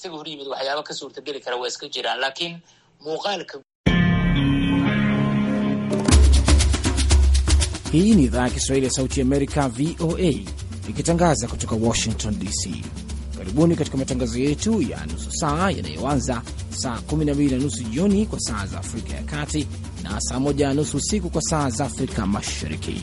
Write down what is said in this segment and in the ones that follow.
isaga hor yimid waxyaaba ka suurtageli kara waa iska jiraan laakiin muuqaalka. Hii ni idhaa ya Kiswahili ya Sauti Amerika, VOA, ikitangaza kutoka Washington DC. Karibuni katika matangazo yetu ya nusu saa yanayoanza saa 12 na nusu jioni kwa saa za Afrika ya Kati na saa 1 na nusu usiku kwa saa za Afrika Mashariki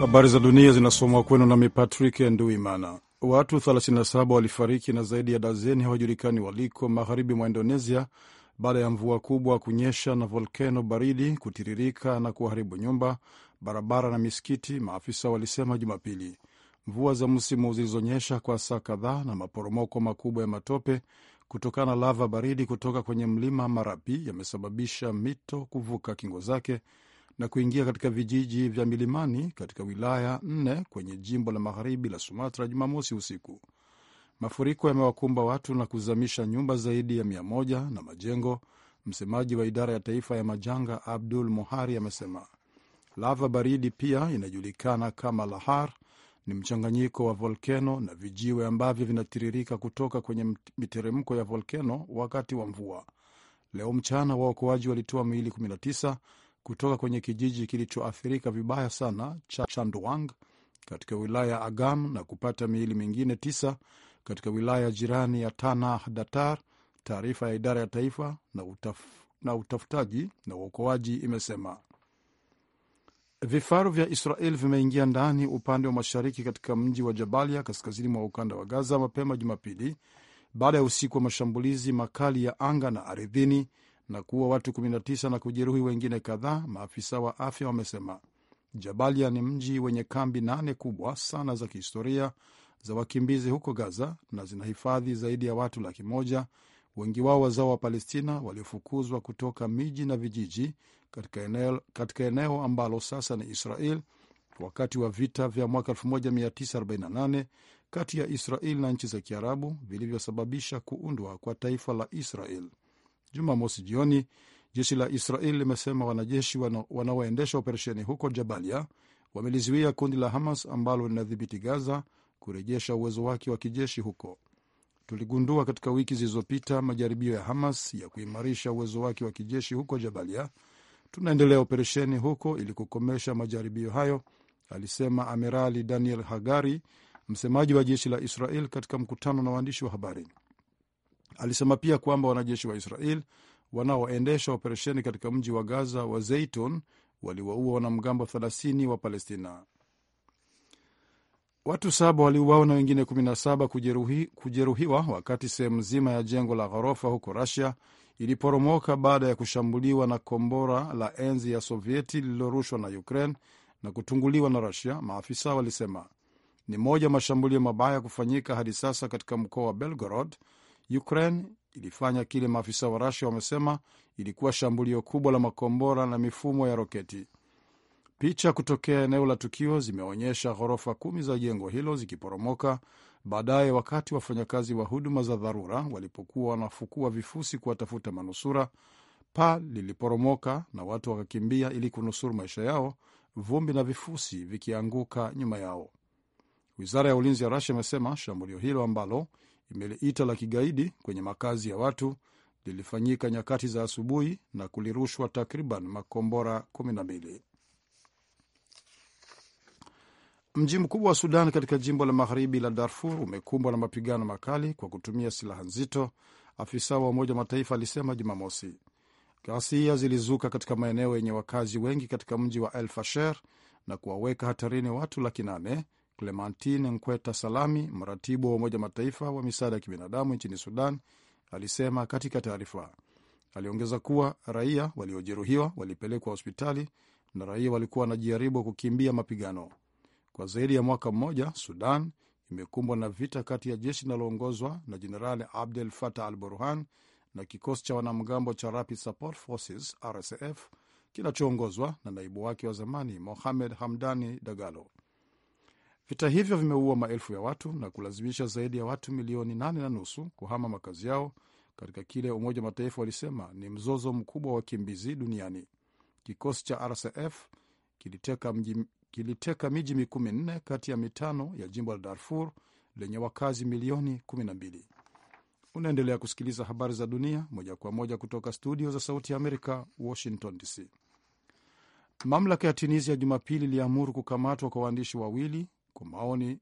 Habari za dunia zinasomwa kwenu nami Patrick Nduimana. Watu 37 walifariki na zaidi ya dazeni hawajulikani waliko magharibi mwa Indonesia baada ya mvua kubwa kunyesha na volkeno baridi kutiririka na kuharibu nyumba, barabara na misikiti, maafisa walisema Jumapili. Mvua za msimu zilizonyesha kwa saa kadhaa na maporomoko makubwa ya matope kutokana na lava baridi kutoka kwenye mlima Marapi yamesababisha mito kuvuka kingo zake na kuingia katika vijiji vya milimani katika wilaya nne kwenye jimbo la magharibi la Sumatra Jumamosi usiku. Mafuriko yamewakumba watu na kuzamisha nyumba zaidi ya mia moja na majengo. Msemaji wa idara ya taifa ya majanga Abdul muhari amesema lava baridi pia inajulikana kama lahar ni mchanganyiko wa volkeno na vijiwe ambavyo vinatiririka kutoka kwenye miteremko ya volkeno wakati wa mvua. Leo mchana waokoaji walitoa miili 19 kutoka kwenye kijiji kilichoathirika vibaya sana cha chandwang katika wilaya ya Agam na kupata miili mingine tisa katika wilaya jirani ya Tanah Datar. Taarifa ya idara ya taifa na, utaf, na utafutaji na uokoaji imesema vifaru vya Israel vimeingia ndani upande wa mashariki katika mji wa Jabalia kaskazini mwa ukanda wa Gaza mapema Jumapili baada ya usiku wa mashambulizi makali ya anga na ardhini na kuwa watu 19 na kujeruhi wengine kadhaa, maafisa wa afya wamesema. Jabalia ni mji wenye kambi nane kubwa sana za kihistoria za wakimbizi huko Gaza na zinahifadhi zaidi ya watu laki moja, wengi wao wazao wa Palestina waliofukuzwa kutoka miji na vijiji katika eneo, katika eneo ambalo sasa ni Israel wakati wa vita vya mwaka 1948 kati ya Israel na nchi za Kiarabu vilivyosababisha kuundwa kwa taifa la Israel. Jumamosi jioni jeshi la Israel limesema wanajeshi wanaoendesha operesheni huko Jabalia wamelizuia kundi la Hamas ambalo linadhibiti Gaza kurejesha uwezo wake wa kijeshi huko. Tuligundua katika wiki zilizopita majaribio ya Hamas ya kuimarisha uwezo wake wa kijeshi huko Jabalia. Tunaendelea operesheni huko ili kukomesha majaribio hayo, alisema Amirali Daniel Hagari, msemaji wa jeshi la Israel katika mkutano na waandishi wa habari. Alisema pia kwamba wanajeshi wa Israel wanaoendesha operesheni katika mji wa Gaza wa Zeiton waliwaua wanamgambo 30 wa Palestina. Watu saba waliuawa na wengine 17 kujeruhi, kujeruhiwa wakati sehemu nzima ya jengo la ghorofa huko rasia iliporomoka baada ya kushambuliwa na kombora la enzi ya Sovieti lililorushwa na Ukraine na kutunguliwa na rasia maafisa walisema. Ni moja mashambulio mabaya kufanyika hadi sasa katika mkoa wa Belgorod Ukraine ilifanya kile maafisa wa rasia wamesema ilikuwa shambulio kubwa la makombora na mifumo ya roketi. Picha kutokea eneo la tukio zimeonyesha ghorofa kumi za jengo hilo zikiporomoka baadaye, wakati wafanyakazi wa huduma za dharura walipokuwa wanafukua vifusi kuwatafuta manusura. Paa liliporomoka na watu wakakimbia ili kunusuru maisha yao, vumbi na vifusi vikianguka nyuma yao. Wizara ya ulinzi ya Urusi imesema shambulio hilo ambalo imeliita la kigaidi kwenye makazi ya watu lilifanyika nyakati za asubuhi na kulirushwa takriban makombora mbili. Mji mkubwa wa Sudan katika jimbo la magharibi la Darfur umekumbwa na mapigano makali kwa kutumia silaha nzito, afisa wa Umoja wa Mataifa alisema Jumamosi. Ghasia zilizuka katika maeneo yenye wakazi wengi katika mji wa El Fasher na kuwaweka hatarini watu laki nane Clementine Nkweta Salami, mratibu wa Umoja Mataifa wa misaada ya kibinadamu nchini Sudan, alisema katika taarifa. Aliongeza kuwa raia waliojeruhiwa walipelekwa hospitali na raia walikuwa wanajaribu kukimbia mapigano. Kwa zaidi ya mwaka mmoja, Sudan imekumbwa na vita kati ya jeshi linaloongozwa na Jenerali Abdel Fattah al Burhan na kikosi cha wanamgambo cha Rapid Support Forces RSF kinachoongozwa na naibu wake wa zamani Mohamed Hamdani Dagalo. Vita hivyo vimeua maelfu ya watu na kulazimisha zaidi ya watu milioni nane na nusu kuhama makazi yao katika kile Umoja wa Mataifa walisema ni mzozo mkubwa wa wakimbizi duniani. Kikosi cha RSF kiliteka mji, kiliteka miji mikuu minne kati ya mitano ya jimbo la Darfur lenye wakazi milioni 12. Unaendelea kusikiliza habari za dunia moja kwa moja kutoka studio za Sauti ya Amerika, Washington DC. Mamlaka ya Tunisia Jumapili iliamuru kukamatwa kwa waandishi wawili kwa maoni,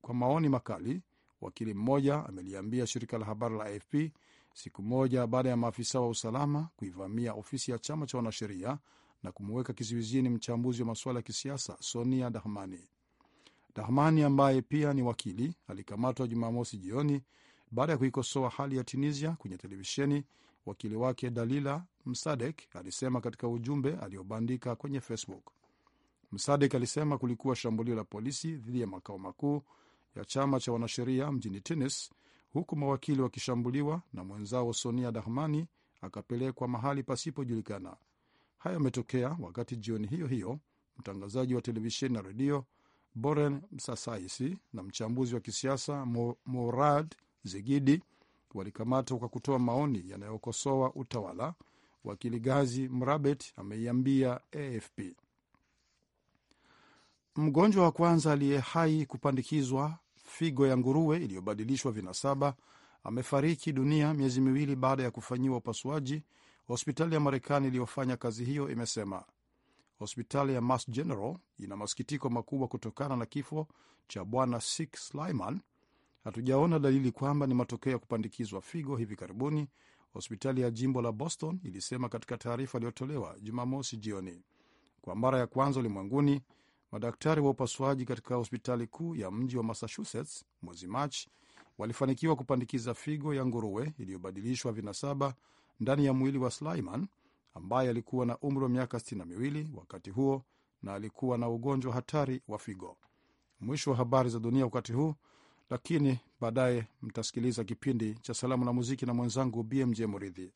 kwa maoni makali. Wakili mmoja ameliambia shirika la habari la AFP siku moja baada ya maafisa wa usalama kuivamia ofisi ya chama cha wanasheria na kumuweka kizuizini mchambuzi wa masuala ya kisiasa Sonia Dahmani. Dahmani ambaye pia ni wakili alikamatwa Jumamosi jioni baada ya kuikosoa hali ya Tunisia kwenye televisheni. Wakili wake Dalila Msadek alisema katika ujumbe aliobandika kwenye Facebook msadik alisema kulikuwa shambulio la polisi dhidi ya makao makuu ya chama cha wanasheria mjini Tunis, huku mawakili wakishambuliwa na mwenzao Sonia Dahmani akapelekwa mahali pasipojulikana. Haya yametokea wakati jioni hiyo hiyo mtangazaji wa televisheni na redio Boren Msasaisi na mchambuzi wa kisiasa Morad Zigidi walikamatwa kwa kutoa maoni yanayokosoa utawala. Wakili Gazi Mrabet ameiambia AFP. Mgonjwa wa kwanza aliye hai kupandikizwa figo ya nguruwe iliyobadilishwa vinasaba amefariki dunia miezi miwili baada ya kufanyiwa upasuaji, hospitali ya Marekani iliyofanya kazi hiyo imesema. Hospitali ya Mass General ina masikitiko makubwa kutokana na kifo cha bwana Sik Sliman. Hatujaona dalili kwamba ni matokeo ya kupandikizwa figo hivi karibuni, hospitali ya jimbo la Boston ilisema katika taarifa iliyotolewa Jumamosi jioni. Kwa mara ya kwanza ulimwenguni, Madaktari wa upasuaji katika hospitali kuu ya mji wa Massachusetts mwezi Machi walifanikiwa kupandikiza figo ya nguruwe iliyobadilishwa vinasaba ndani ya mwili wa sliman ambaye alikuwa na umri wa miaka 62 wakati huo na alikuwa na ugonjwa hatari wa figo. Mwisho wa habari za dunia wakati huu, lakini baadaye mtasikiliza kipindi cha salamu na muziki na mwenzangu BMJ Muridhi.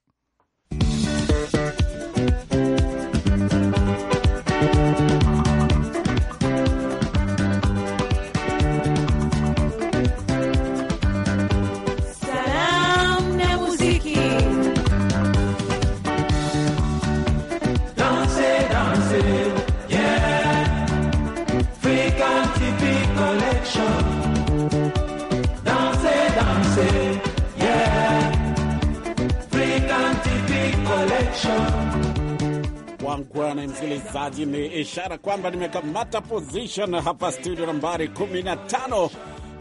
msikilizaji, ni ishara kwamba nimekamata position hapa studio nambari 15.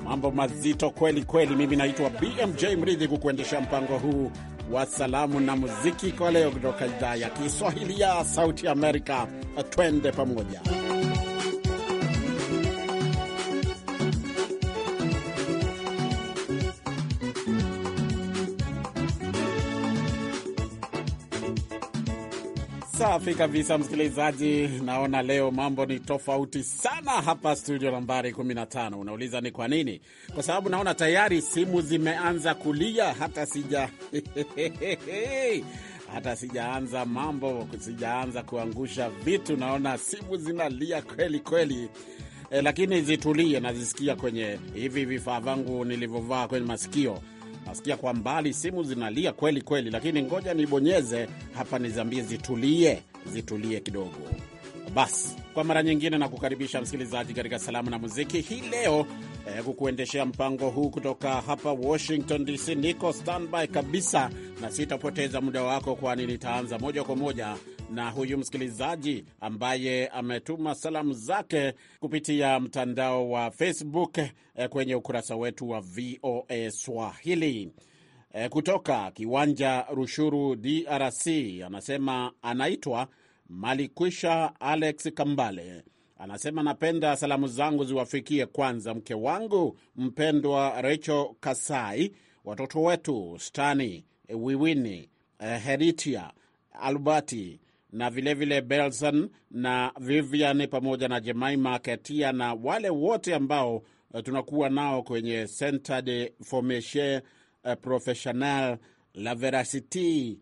Mambo mazito kweli kweli. Mimi naitwa BMJ Mridhi kukuendesha mpango huu wa salamu na muziki kwa leo kutoka idhaa ya Kiswahili ya Sauti Amerika. Twende pamoja. Safi kabisa, msikilizaji. Naona leo mambo ni tofauti sana hapa studio nambari 15. Unauliza ni kwa nini? Kwa sababu naona tayari simu zimeanza kulia, hata sija hata sijaanza mambo, sijaanza kuangusha vitu, naona simu zinalia kweli kweli. E, lakini zitulie, nazisikia kwenye hivi vifaa vyangu nilivyovaa kwenye masikio Nasikia kwa mbali simu zinalia kweli kweli, lakini ngoja nibonyeze hapa, nizambie zitulie, zitulie kidogo. Basi kwa mara nyingine na kukaribisha msikilizaji katika salamu na muziki hii leo eh, kukuendeshea mpango huu kutoka hapa Washington DC. Niko standby kabisa na sitapoteza muda wako, kwani nitaanza moja kwa moja na huyu msikilizaji ambaye ametuma salamu zake kupitia mtandao wa Facebook eh, kwenye ukurasa wetu wa VOA Swahili eh, kutoka Kiwanja Rushuru, DRC. Anasema anaitwa Malikwisha Alex Kambale. Anasema napenda salamu zangu ziwafikie kwanza mke wangu mpendwa Rachel Kasai, watoto wetu Stani, Wiwini, eh, Heritia, Albati na vilevile Belson na Vivian pamoja na Jemima Ketia na wale wote ambao eh, tunakuwa nao kwenye Centre de Formation eh, Professionnel la Veracity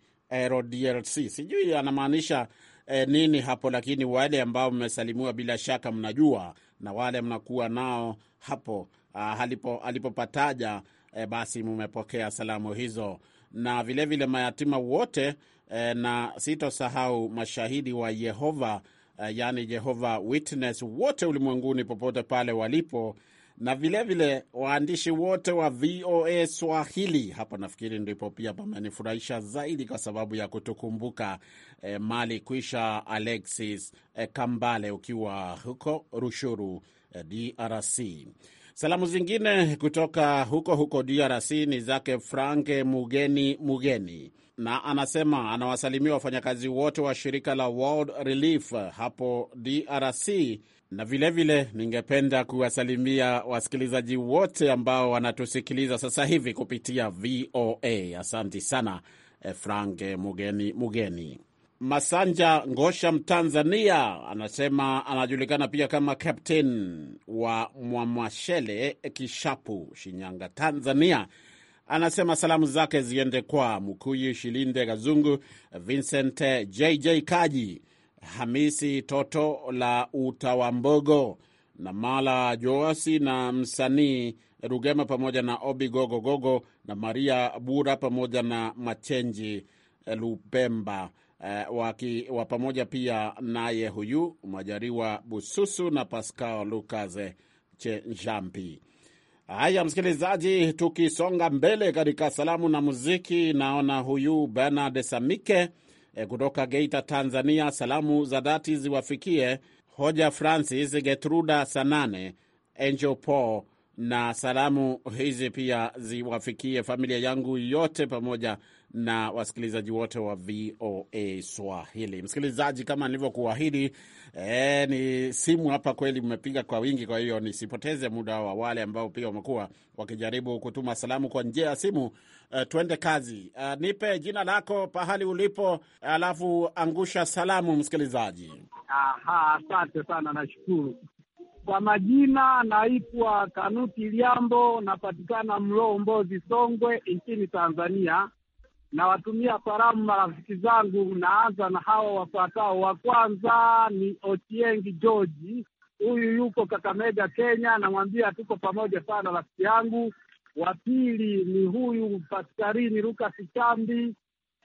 RDLC. Sijui anamaanisha eh, nini hapo, lakini wale ambao mmesalimiwa bila shaka mnajua, na wale mnakuwa nao hapo ah, alipopataja eh, basi mmepokea salamu hizo, na vilevile vile mayatima wote Eh, na sitosahau mashahidi wa Yehova, eh, yani Jehova Witness wote ulimwenguni popote pale walipo, na vilevile vile, waandishi wote wa VOA Swahili. Hapa nafikiri ndipo pia pamenifurahisha zaidi kwa sababu ya kutukumbuka eh, mali kwisha Alexis eh, Kambale ukiwa huko Rushuru eh, DRC. Salamu zingine kutoka huko huko DRC ni zake Frank Mugeni Mugeni na anasema anawasalimia wafanyakazi wote wa shirika la World Relief hapo DRC, na vilevile ningependa kuwasalimia wasikilizaji wote ambao wanatusikiliza sasa hivi kupitia VOA. Asanti sana eh, Frank Mugeni. Mugeni Masanja Ngosha, Mtanzania, anasema anajulikana pia kama Captain wa Mwamashele, eh, Kishapu, Shinyanga, Tanzania anasema salamu zake ziende kwa Mkuyi Shilinde kazungu Vincent JJ Kaji, Hamisi Toto la Utawambogo na Mala Joasi na msanii Rugema pamoja na Obi Gogogogo Gogo, na Maria Bura pamoja na Machenji Lupemba eh, wakiwa pamoja pia naye huyu Mwajariwa Bususu na Pascal Lucas Chenjampi. Haya, msikilizaji, tukisonga mbele katika salamu na muziki, naona huyu Bernard Samike e, kutoka Geita, Tanzania. Salamu za dhati ziwafikie Hoja Francis, Getruda Sanane, Angel Paul, na salamu hizi pia ziwafikie familia yangu yote pamoja na wasikilizaji wote wa VOA Swahili. Msikilizaji, kama nilivyokuahidi, e, ni simu hapa kweli mmepiga kwa wingi, kwa hiyo nisipoteze muda wa wale ambao pia wamekuwa wakijaribu kutuma salamu kwa njia ya simu. E, twende kazi. E, nipe jina lako, pahali ulipo, alafu angusha salamu msikilizaji. Aha, asante sana, nashukuru kwa majina naitwa Kanuti Liambo, napatikana Mloo, Mbozi, Songwe, nchini Tanzania. Nawatumia salamu marafiki zangu, naanza na hawa wafuatao. Wa kwanza ni Ochiengi George, huyu yuko Kakamega, Kenya, namwambia tuko pamoja sana rafiki yangu. Wa pili ni huyu Paskarini Lukas Chambi.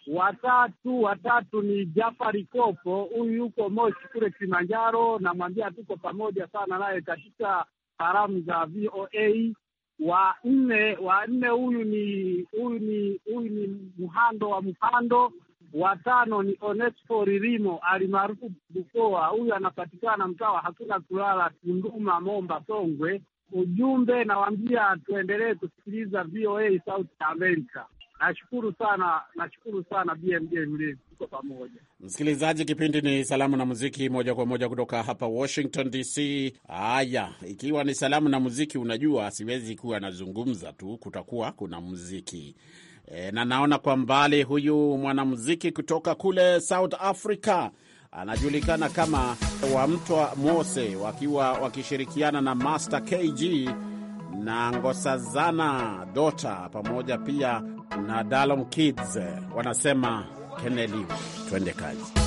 Watatu watatu ni Jafari Kopo, huyu yuko Moshi kule Kilimanjaro, namwambia tuko pamoja sana naye katika salamu za VOA wa nne wa nne huyu ni huyu ni huyu ni Mhando wa Mpando. tano ni Onesfo rimo alimaarufu Bukoa, huyu anapatikana mtaa wa Hakuna Kulala, Tunduma, Momba, Songwe. Ujumbe nawaambia tuendelee kusikiliza VOA Sauti ya Amerika. Nashukuru sana, nashukuru sana BMJ Mridhi, tuko pamoja. Msikilizaji, kipindi ni salamu na muziki moja kwa moja kutoka hapa Washington DC. Haya, ikiwa ni salamu na muziki, unajua siwezi kuwa nazungumza tu, kutakuwa kuna muziki e, na naona kwa mbali huyu mwanamuziki kutoka kule South Africa anajulikana kama Wamtwa Mose, wakiwa wakishirikiana na Master KG na Ngosazana Dota pamoja pia na Dalom Kids wanasema keneliwe Twende kazi.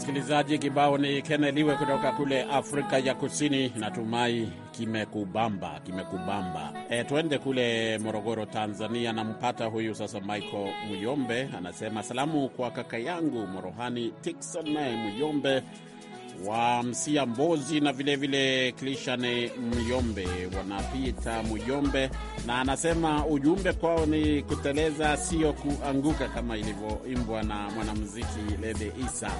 Msikilizaji, kibao ni Keneliwe kutoka kule Afrika ya Kusini. Natumai kimekubamba, kimekubamba. E, twende kule Morogoro, Tanzania. Nampata huyu sasa, Michael Muyombe anasema salamu kwa kaka yangu Morohani Tikson naye Muyombe wa Msia Mbozi na vilevile Klishane Myombe wanapita Myombe, na anasema ujumbe kwao ni kuteleza, sio kuanguka, kama ilivyoimbwa na mwanamuziki Lede Isa.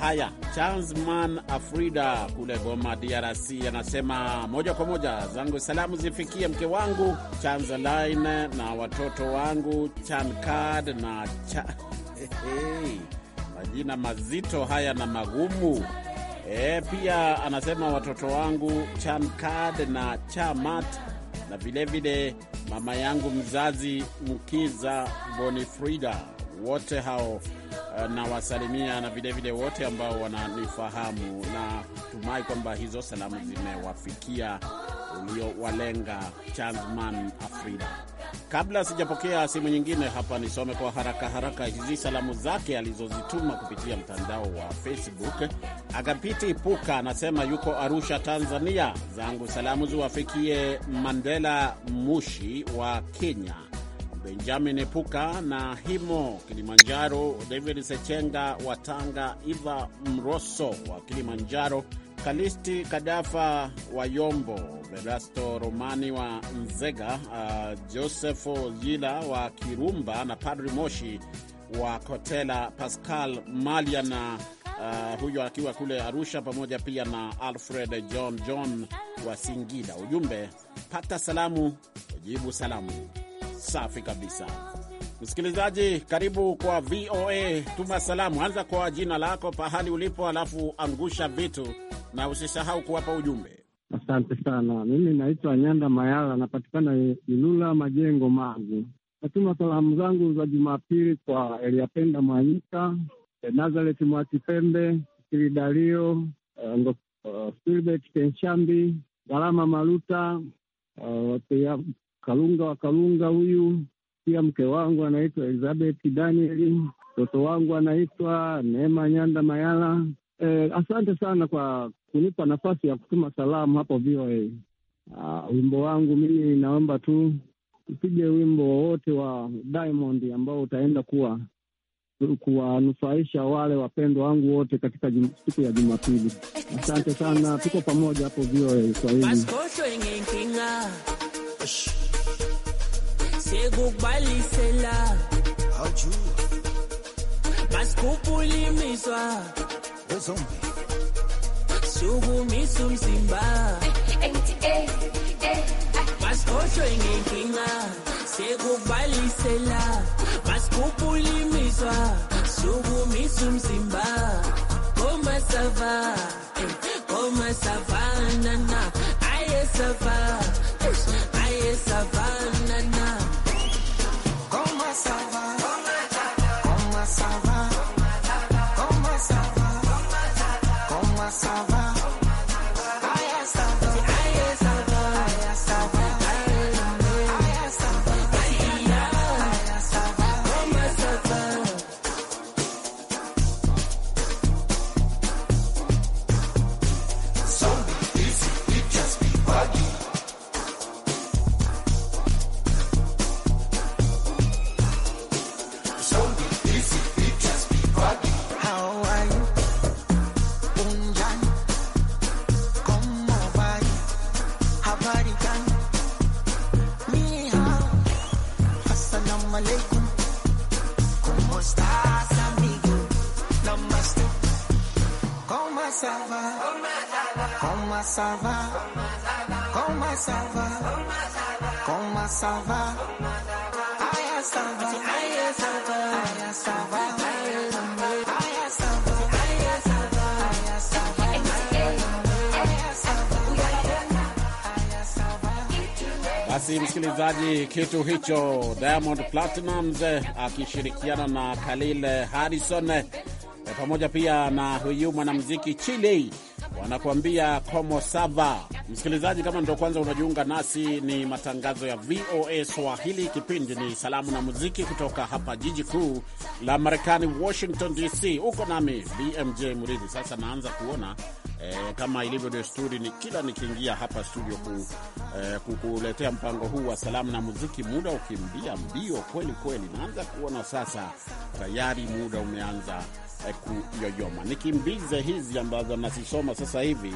Haya, Chansman Afrida kule Goma, DRC, anasema moja kwa moja zangu salamu zifikie mke wangu chanzeline na watoto wangu chancard na cha... Hey, hey, majina mazito haya na magumu E, pia anasema watoto wangu Chamkad na Chamat na vilevile mama yangu mzazi Mkiza Bonifrida, wote hao e, na wasalimia na vilevile wote ambao wananifahamu, na tumai kwamba hizo salamu zimewafikia uliowalenga Chansman Afrida. Kabla sijapokea simu nyingine hapa, nisome kwa haraka haraka hizi salamu zake alizozituma kupitia mtandao wa Facebook. Agapiti Puka anasema yuko Arusha, Tanzania. Zangu salamu ziwafikie Mandela Mushi wa Kenya, Benjamin Puka na Himo Kilimanjaro, David Sechenga wa Tanga, Iva Mroso wa Kilimanjaro Kalisti Kadafa wa Yombo, Berasto Romani wa Nzega, uh, Josefo Jila wa Kirumba na Padri Moshi wa Kotela, Pascal Malia na uh, huyo akiwa kule Arusha, pamoja pia na Alfred John John wa Singida. Ujumbe, pata salamu, jibu salamu. Safi kabisa. Msikilizaji, karibu kwa VOA. Tuma salamu, anza kwa jina lako, pahali ulipo, alafu angusha vitu na usisahau kuwapa ujumbe. Asante sana. Mimi naitwa Nyanda Mayala, napatikana Ilula Majengo Mangu. Natuma salamu zangu za Jumapili kwa Eliapenda Mwanyika, nazareti Mwakipembe, Dario, Filbert, uh, Kenshambi, Gharama Maruta, uh, eh, Kalunga wa Kalunga huyu pia mke wangu anaitwa Elizabeth Danieli, mtoto wangu anaitwa Neema Nyanda Mayala, Eh, asante sana kwa kunipa nafasi ya kutuma salamu hapo VOA. Uh, ah, wimbo wangu mimi naomba tu upige wimbo wowote wa Diamond ambao utaenda kuwa kuwanufaisha wale wapendwa wangu wote katika siku ya Jumapili. Asante sana, tuko pamoja hapo VOA Swahili. uzombe sukumisa umzimba basikhohlwe ngenkinga sekukubalisela basikhuphula imizwa sukumisa umzimba komasava komasavanana ayesava ayesava nana komasava Basi msikilizaji, kitu hicho Diamond Platnumz akishirikiana na Khalil Harrison pamoja pia na huyu mwanamuziki Chili wanakuambia como sava Msikilizaji, kama ndio kwanza unajiunga nasi, ni matangazo ya VOA Swahili. Kipindi ni salamu na muziki kutoka hapa jiji kuu la Marekani, Washington DC. Uko nami BMJ Muridhi. Sasa naanza kuona e, kama ilivyo desturi, ni kila nikiingia hapa studio ku, e, kukuletea mpango huu wa salamu na muziki, muda ukimbia mbio kweli kweli. Naanza kuona sasa tayari muda umeanza e, kuyoyoma. Nikimbize hizi ambazo nazisoma sasa hivi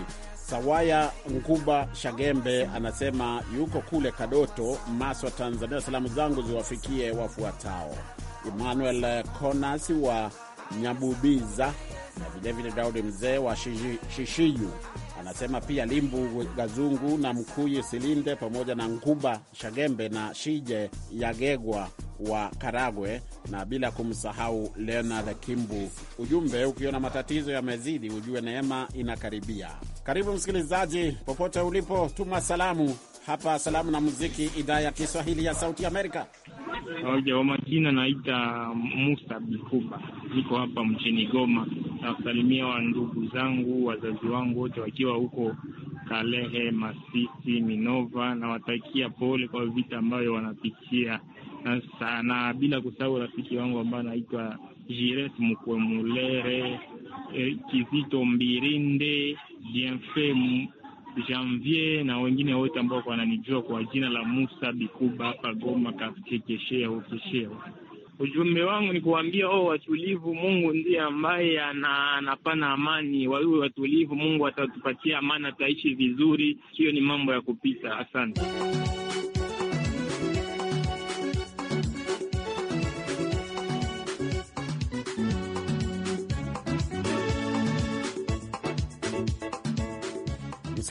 Sawaya Nguba Shagembe anasema yuko kule Kadoto, Maswa, Tanzania. Salamu zangu ziwafikie wafuatao: Emmanuel Konas wa Nyabubiza na vilevile Daudi mzee wa Shishiyu anasema pia Limbu Gazungu na mkuyi Silinde pamoja na Nguba Shagembe na Shije Yagegwa wa Karagwe, na bila kumsahau Leonard Kimbu. Ujumbe ukiona matatizo yamezidi, ujue neema inakaribia. Karibu msikilizaji, popote ulipo, tuma salamu hapa Salamu na Muziki, idhaa ya Kiswahili ya Sauti Amerika. oja Kwa majina naita Musa Bikuba, niko hapa mchini Goma. Nawasalimia wa ndugu zangu, wazazi wangu wote wakiwa huko Kalehe, Masisi, Minova. Nawatakia pole kwa vita ambayo wanapitia na, na bila kusahau rafiki wangu ambaye anaitwa Mukwemulere, Mkwemulere, eh, Kizito Mbirinde, Bienfait Janvier na wengine wote ambao wananijua kwa jina la Musa Bikuba hapa Goma kakekeshea ukeshea. Ujumbe wangu ni kuambia oh, watulivu, Mungu ndiye ambaye anapana amani. Wawe watulivu, Mungu atatupatia amani, ataishi vizuri. Hiyo ni mambo ya kupita. Asante.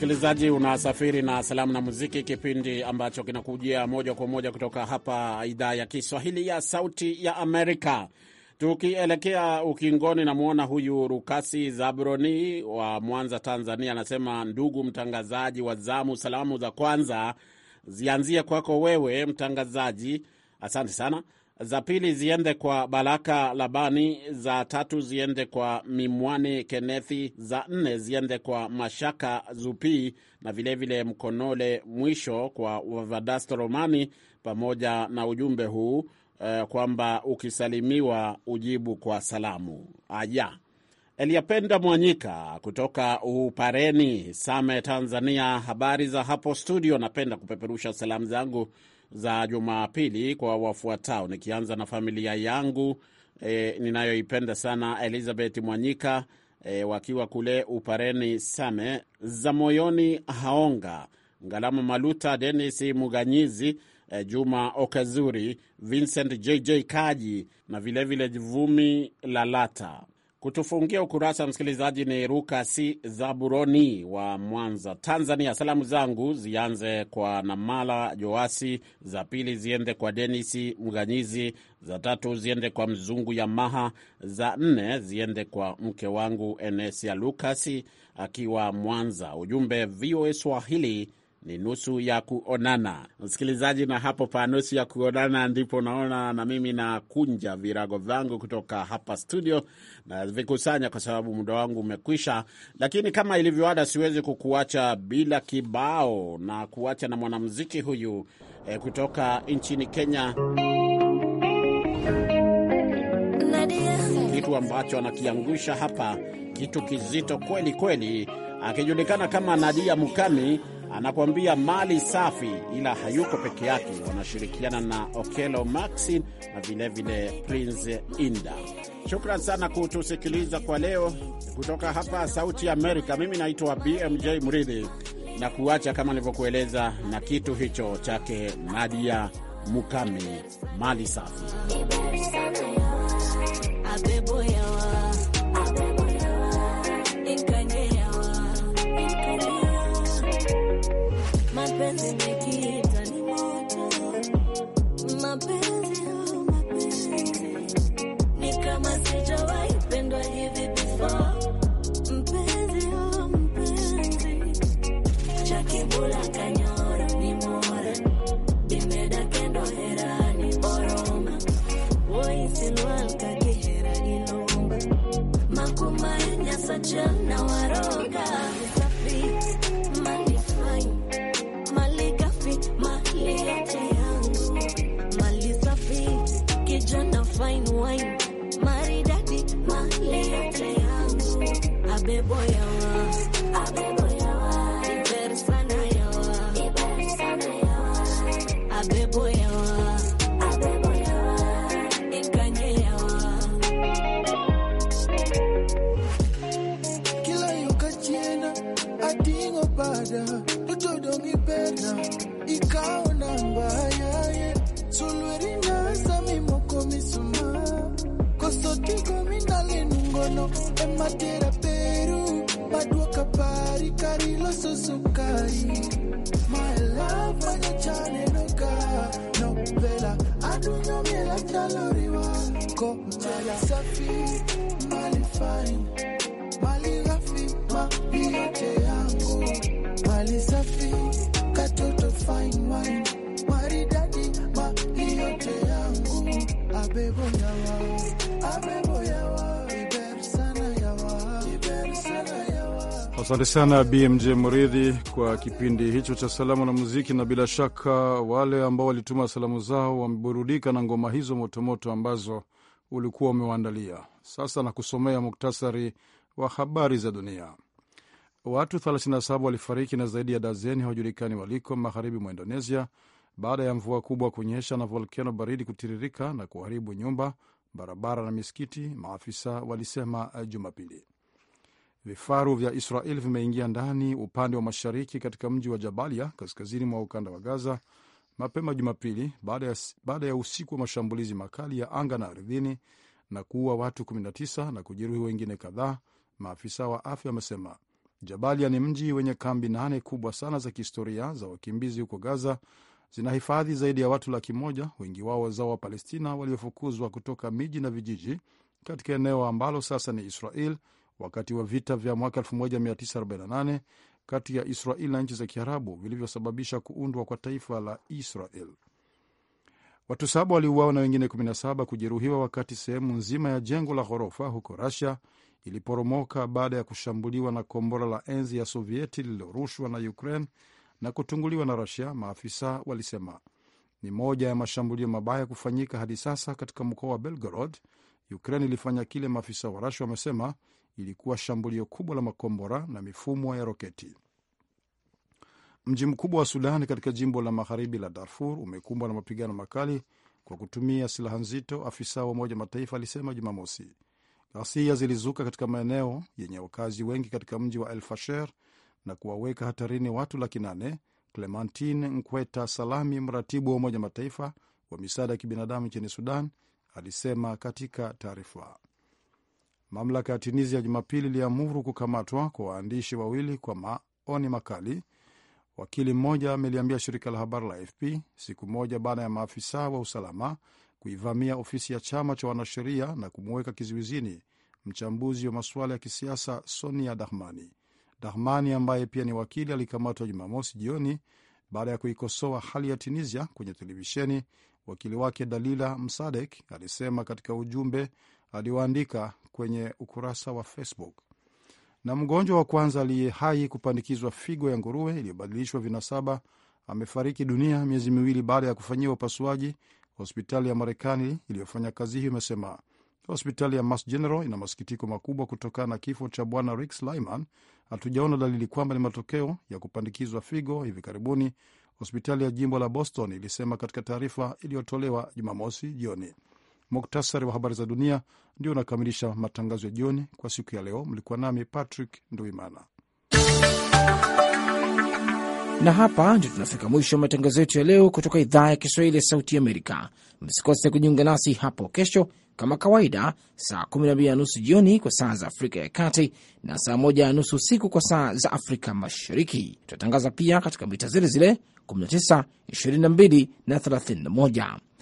Msikilizaji, unasafiri na salamu na muziki, kipindi ambacho kinakujia moja kwa moja kutoka hapa idhaa ya Kiswahili ya Sauti ya Amerika. Tukielekea ukingoni, namwona huyu Rukasi Zabroni wa Mwanza, Tanzania, anasema: ndugu mtangazaji wa zamu, salamu za kwanza zianzie kwako wewe mtangazaji, asante sana za pili ziende kwa Baraka Labani, za tatu ziende kwa Mimwani Kenethi, za nne ziende kwa Mashaka Zupii na vilevile vile Mkonole, mwisho kwa wavadasto Romani, pamoja na ujumbe huu eh, kwamba ukisalimiwa ujibu kwa salamu. Aya, Eliapenda Mwanyika kutoka Upareni, Same, Tanzania. Habari za hapo studio, napenda kupeperusha salamu zangu za Jumapili kwa wafuatao, nikianza na familia yangu e, ninayoipenda sana Elizabeth Mwanyika e, wakiwa kule Upareni Same, za moyoni Haonga, Ngalama Maluta, Denis Muganyizi, e, Juma Okazuri, Vincent JJ Kaji na vilevile Vumi Lalata. Kutufungia ukurasa msikilizaji ni Ruka si Zaburoni wa Mwanza, Tanzania. Salamu zangu zianze kwa Namala Joasi, za pili ziende kwa Denisi Mganyizi, za tatu ziende kwa Mzungu ya maha za nne ziende kwa mke wangu Enesia Lukasi akiwa Mwanza. Ujumbe VOA Swahili ni nusu ya kuonana, msikilizaji, na hapo pa nusu ya kuonana ndipo naona na mimi nakunja virago vyangu kutoka hapa studio na vikusanya, kwa sababu muda wangu umekwisha. Lakini kama ilivyoada, siwezi kukuacha bila kibao na kuacha na mwanamuziki huyu eh, kutoka nchini Kenya, kitu ambacho anakiangusha hapa, kitu kizito kweli kweli, akijulikana kama Nadia Mukami anakuambia mali safi, ila hayuko peke yake, wanashirikiana na Okelo maxi na vilevile Prince Inda. Shukran sana kutusikiliza kwa leo kutoka hapa Sauti ya Amerika. Mimi naitwa BMJ Mridhi na kuacha kama nilivyokueleza na kitu hicho chake Nadia Mukami, mali safi. happens. ibada Lutolo ngipenda ikaona mbayaye Sulwerina mi moko misuma tiko mi nale nungono Ematera peru Madwa kapari karilo susukari My love wanya chane noka Nopela adunya miela chaloriwa mchala safi Mali fine Mali rafi ma Asante sana BMJ Muridhi kwa kipindi hicho cha salamu na muziki, na bila shaka wale ambao walituma salamu zao wameburudika na ngoma hizo motomoto ambazo ulikuwa umewaandalia. Sasa nakusomea muktasari wa habari za dunia. Watu 37 walifariki na zaidi ya dazeni hawajulikani waliko magharibi mwa Indonesia baada ya mvua kubwa kunyesha na volkeno baridi kutiririka na kuharibu nyumba, barabara na misikiti, maafisa walisema eh, Jumapili. Vifaru vya Israel vimeingia ndani upande wa mashariki katika mji wa Jabalia kaskazini mwa ukanda wa Gaza mapema Jumapili baada ya, baada ya usiku wa mashambulizi makali ya anga na ardhini na kuua watu 19 na kujeruhi wengine kadhaa, maafisa wa afya wamesema. Jabalia ni mji wenye kambi nane kubwa sana za kihistoria za wakimbizi huko Gaza. Zinahifadhi zaidi ya watu laki moja, wengi wao wazao wa Palestina waliofukuzwa kutoka miji na vijiji katika eneo ambalo sasa ni Israel wakati wa vita vya mwaka 1948 kati ya Israel na nchi za Kiarabu vilivyosababisha kuundwa kwa taifa la Israel. Watu saba waliuawa na wengine 17 kujeruhiwa wakati sehemu nzima ya jengo la ghorofa huko rasia iliporomoka baada ya kushambuliwa na kombora la enzi ya Sovieti lililorushwa na Ukraine na kutunguliwa na rasia maafisa walisema. Ni moja ya mashambulio mabaya kufanyika hadi sasa katika mkoa wa Belgorod. Ukraine ilifanya kile maafisa wa rasia wamesema ilikuwa shambulio kubwa la makombora na mifumo ya roketi. Mji mkubwa wa Sudan katika jimbo la magharibi la Darfur umekumbwa na mapigano makali kwa kutumia silaha nzito, afisa wa Umoja Mataifa alisema Jumamosi. Ghasia zilizuka katika maeneo yenye wakazi wengi katika mji wa El Fasher na kuwaweka hatarini watu laki nane. Clementine Nkweta Salami, mratibu wa Umoja Mataifa wa misaada ya kibinadamu nchini Sudan, alisema katika taarifa. Mamlaka ya Tunisia Jumapili iliamuru kukamatwa kwa waandishi wawili kwa maoni makali Wakili mmoja ameliambia shirika la habari la AFP siku moja baada ya maafisa wa usalama kuivamia ofisi ya chama cha wanasheria na kumuweka kizuizini mchambuzi wa masuala ya kisiasa Sonia Dahmani. Dahmani ambaye pia ni wakili alikamatwa Jumamosi jioni baada ya kuikosoa hali ya Tunisia kwenye televisheni. Wakili wake Dalila Msadek alisema katika ujumbe alioandika kwenye ukurasa wa Facebook na mgonjwa wa kwanza aliye hai kupandikizwa figo ya nguruwe iliyobadilishwa vinasaba amefariki dunia miezi miwili baada ya kufanyiwa upasuaji, hospitali ya Marekani iliyofanya kazi hiyo imesema. Hospitali ya Mass General ina masikitiko makubwa kutokana na kifo cha bwana Rick Lyman. Hatujaona dalili kwamba ni matokeo ya kupandikizwa figo hivi karibuni, hospitali ya jimbo la Boston ilisema katika taarifa iliyotolewa Jumamosi jioni. Muktasari wa habari za dunia ndio unakamilisha matangazo ya jioni kwa siku ya leo. Mlikuwa nami Patrick Nduimana, na hapa ndio tunafika mwisho wa matangazo yetu ya leo kutoka idhaa ya Kiswahili ya Sauti Amerika. Msikose kujiunga nasi hapo kesho kama kawaida, saa 12 na nusu jioni kwa saa za Afrika ya Kati na saa 1 na nusu usiku kwa saa za Afrika Mashariki. tunatangaza pia katika mita zile zile 19, 22 na 31.